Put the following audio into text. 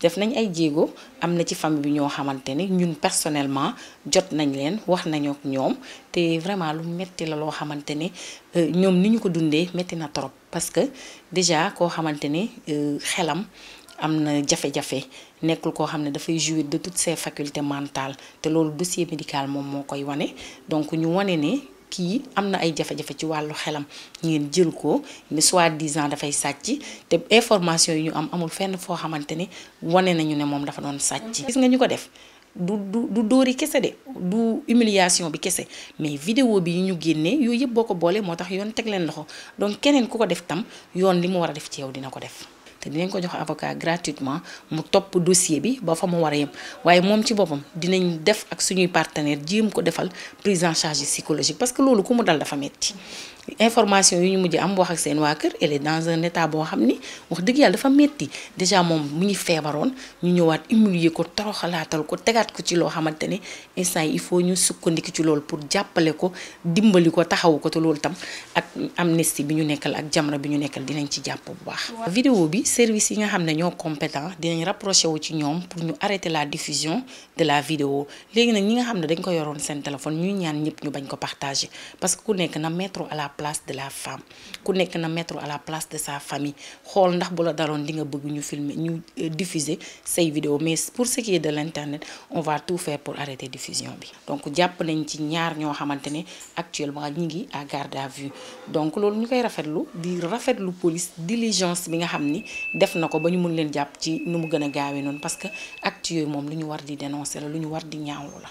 def nañ ay jéego am na ci famille bi ñoo xamante ni ñun personnellement jot nañ leen wax nañoo ak ñoom te vraiment lu metti la loo xamante ni euh, ñoom ni ñu ko dundee metti na trop parce que déjà koo xamante ni euh, xelam am na jafe-jafe nekkul koo xam ne dafay jouir de toutes ses facultés mentale te loolu dossier médical moom moo koy wane donc ñu wane ni kii am na ay jafe-jafe ci wàllu xelam ngeen jël ko soit soi-disant dafay sàcc te information yi ñu am amul fenn foo xamante ni wane nañu ne moom dafa doon sàcc. gis nga ñu ko def du du dóori kese de du humiliation bi kese mais vidéo bi yi ñu génnee yooyu yëpp boo ko boolee moo tax yoon teg leen loxo donc keneen ku ko def tam yoon li mu war a def ci yow dina ko def. te dinañ ko jox avocat gratuitement mu topp dossier bi ba fa mu war a yem waaye moom ci boppam dinañ def ak suñuy partenaire jéem ko defal prise en charge psychologique parce que loolu ku mu dal dafa metti information yu ñu mujj am wax ak seen waa kër elle est dans un état boo xam ni wax dëgg yàlla dafa metti déjà moom mu ngi feebaroon ñu ñëwaat humilier ko toroxalaatal ko tegaat ko ci loo xamante ne instant il faut ñu sukkandiku ci loolu pour jàppale ko dimbali ko taxawu ko te loolu tam ak amnistie bi ñu nekkal ak jamra bi ñu nekkal dinañ ci jàpp bu baax service yi nga xam ne ñoo compétent dinañ rapproché wu ci ñoom pour ñu arrêter la diffusion de la vidéo léegi nag ñi nga xam ne dañ ko yoroon seen téléphone ñuy ñaan ñëpp ñu bañ ko partager parce que ku nekk na mettre à la place de la femme ku nekk na mettre à la place de sa famille xool ndax bu la daloon di nga bëgg ñu filmer ñu euh, diffuser say vidéo mais pour ce qui est de l'internet on va tout faire pour arrêter diffusion bi donc jàpp nañ ci ñaar ñoo xamante ne actuellement ñi ngi à garde à vue donc loolu bi nga xam def na ko ba ñu mun leen jàpp ci nu mu gën a gaawee noonu parce que acte yooyu moom lu ñu war di dénoncer la lu ñu war di ñaawlu la